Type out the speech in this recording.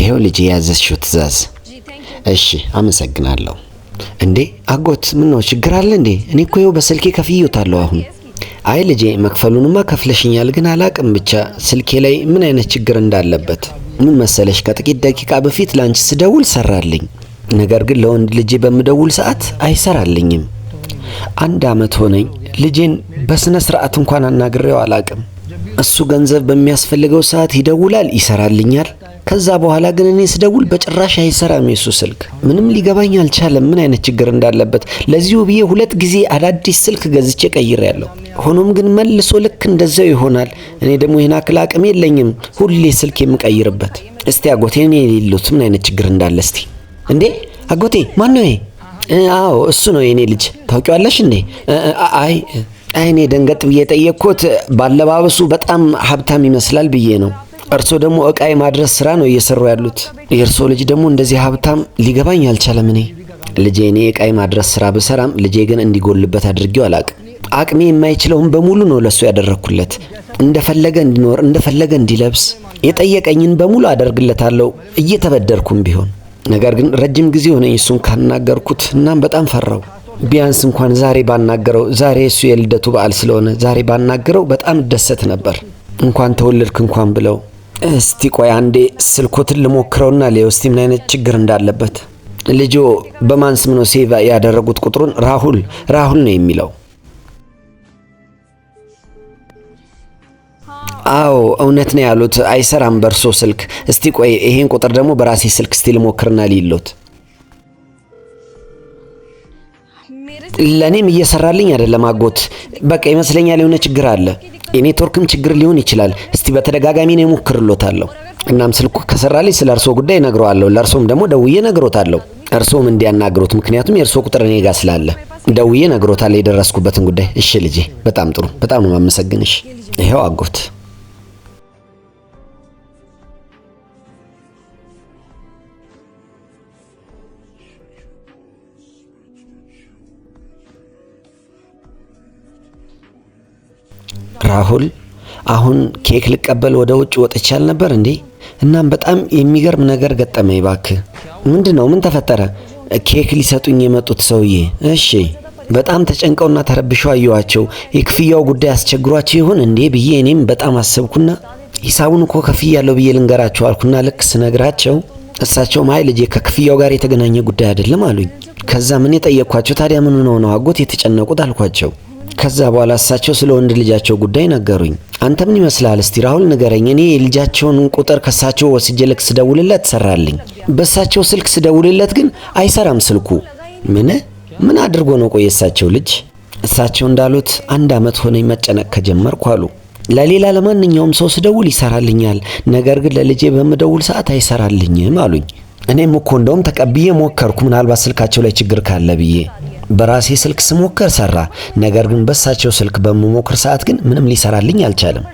ይሄው ልጅ የያዘችው ትእዛዝ። እሺ አመሰግናለሁ። እንዴ አጎት ምን ነው ችግር አለ እንዴ? እኔ እኮ ይኸው በስልኬ ከፍዬታለሁ አሁን። አይ ልጄ መክፈሉንማ ከፍለሽኛል፣ ግን አላቅም ብቻ ስልኬ ላይ ምን አይነት ችግር እንዳለበት ምን መሰለሽ፣ ከጥቂት ደቂቃ በፊት ላንቺ ስደውል ሰራልኝ፣ ነገር ግን ለወንድ ልጄ በምደውል ሰዓት አይሰራልኝም። አንድ አመት ሆነኝ ልጄን በስነ ስርዓት እንኳን አናግሬው አላቅም። እሱ ገንዘብ በሚያስፈልገው ሰዓት ይደውላል፣ ይሰራልኛል ከዛ በኋላ ግን እኔ ስደውል በጭራሽ አይሰራም የሱ ስልክ። ምንም ሊገባኝ አልቻለም ምን አይነት ችግር እንዳለበት። ለዚሁ ብዬ ሁለት ጊዜ አዳዲስ ስልክ ገዝቼ ቀይር ያለው። ሆኖም ግን መልሶ ልክ እንደዛው ይሆናል። እኔ ደግሞ ይህን አክል አቅም የለኝም ሁሌ ስልክ የምቀይርበት። እስቲ አጎቴ እኔ የሌሉት ምን አይነት ችግር እንዳለ እስቲ። እንዴ አጎቴ ማን ነው ይሄ? አዎ እሱ ነው የኔ ልጅ ታውቂዋለሽ እንዴ? አይ አይኔ ደንገጥ ብዬ የጠየቅኩት ባለባበሱ በጣም ሀብታም ይመስላል ብዬ ነው። እርሶ ደግሞ እቃ የማድረስ ስራ ነው እየሰሩ ያሉት። የእርሶ ልጅ ደግሞ እንደዚህ ሀብታም ሊገባኝ አልቻለም። እኔ ልጄ እኔ እቃ የማድረስ ስራ ብሰራም ልጄ ግን እንዲጎልበት አድርጌው አላቅም። አቅሜ የማይችለውን በሙሉ ነው ለሱ ያደረግኩለት። እንደፈለገ እንዲኖር፣ እንደፈለገ እንዲለብስ፣ የጠየቀኝን በሙሉ አደርግለታለሁ እየተበደርኩም ቢሆን። ነገር ግን ረጅም ጊዜ ሆነኝ እሱን ካናገርኩት። እናም በጣም ፈራው። ቢያንስ እንኳን ዛሬ ባናገረው፣ ዛሬ እሱ የልደቱ በዓል ስለሆነ ዛሬ ባናገረው በጣም እደሰት ነበር። እንኳን ተወለድክ እንኳን ብለው እስቲ ቆይ አንዴ ስልኮትን ልሞክረውና ሌው እስቲ ምን አይነት ችግር እንዳለበት። ልጆ በማን ስም ነው ሴቫ ያደረጉት ቁጥሩን? ራሁል ራሁል ነው የሚለው። አዎ እውነት ነው ያሉት፣ አይሰራም በእርሶ ስልክ። እስቲ ቆይ ይሄን ቁጥር ደግሞ በራሴ ስልክ እስቲ ልሞክርና ሊሎት ለእኔም እየሰራልኝ አይደለም አጎት። በቃ ይመስለኛል የሆነ ችግር አለ። የኔትወርክም ችግር ሊሆን ይችላል። እስቲ በተደጋጋሚ ነው ሞክርሎታለሁ። እናም ስልኩ ከሰራልኝ ስለ እርሶ ጉዳይ ነግረዋለሁ። ለእርሶም ደግሞ ደውዬ ነግሮታለሁ፣ እርሶም እንዲያናግሩት፣ ምክንያቱም የእርሶ ቁጥር እኔ ጋር ስላለ ደውዬ ነግሮታለሁ የደረስኩበትን ጉዳይ። እሺ ልጄ፣ በጣም ጥሩ። በጣም ነው ማመሰግንሽ። ይኸው አጎት ራሁል አሁን ኬክ ልቀበል ወደ ውጭ ወጥቻል ነበር እንዴ? እናም በጣም የሚገርም ነገር ገጠመኝ። እባክህ ምንድነው? ምን ተፈጠረ? ኬክ ሊሰጡኝ የመጡት ሰውዬ እሺ፣ በጣም ተጨንቀውና ተረብሸው አየኋቸው። የክፍያው ጉዳይ አስቸግሯቸው ይሆን እንዴ ብዬ እኔም በጣም አሰብኩና ሂሳቡን እኮ ከፍያለሁ ብዬ ልንገራቸው አልኩና ልክ ስነግራቸው እሳቸውም አይ ልጄ ከክፍያው ጋር የተገናኘ ጉዳይ አይደለም አሉኝ። ከዛ ምን የጠየቅኳቸው ታዲያ ምን ሆነው ነው አጎት የተጨነቁት አልኳቸው። ከዛ በኋላ እሳቸው ስለ ወንድ ልጃቸው ጉዳይ ነገሩኝ። አንተ ምን ይመስላል እስቲ ራሁል ንገረኝ። እኔ የልጃቸውን ቁጥር ከእሳቸው ወስጄ ልክ ስደውልለት ሰራልኝ። በእሳቸው ስልክ ስደውልለት ግን አይሰራም ስልኩ። ምን ምን አድርጎ ነው? ቆይ ልጅ እሳቸው እንዳሉት አንድ ዓመት ሆነኝ መጨነቅ ከጀመርኩ አሉ። ለሌላ ለማንኛውም ሰው ስደውል ይሰራልኛል፣ ነገር ግን ለልጄ በምደውል ሰዓት አይሰራልኝም አሉኝ። እኔም እኮ እንደውም ተቀብዬ ሞከርኩ፣ ምናልባት ስልካቸው ላይ ችግር ካለ ብዬ በራሴ ስልክ ስሞክር ሰራ። ነገር ግን በሳቸው ስልክ በምሞክር ሰዓት ግን ምንም ሊሰራልኝ አልቻለም።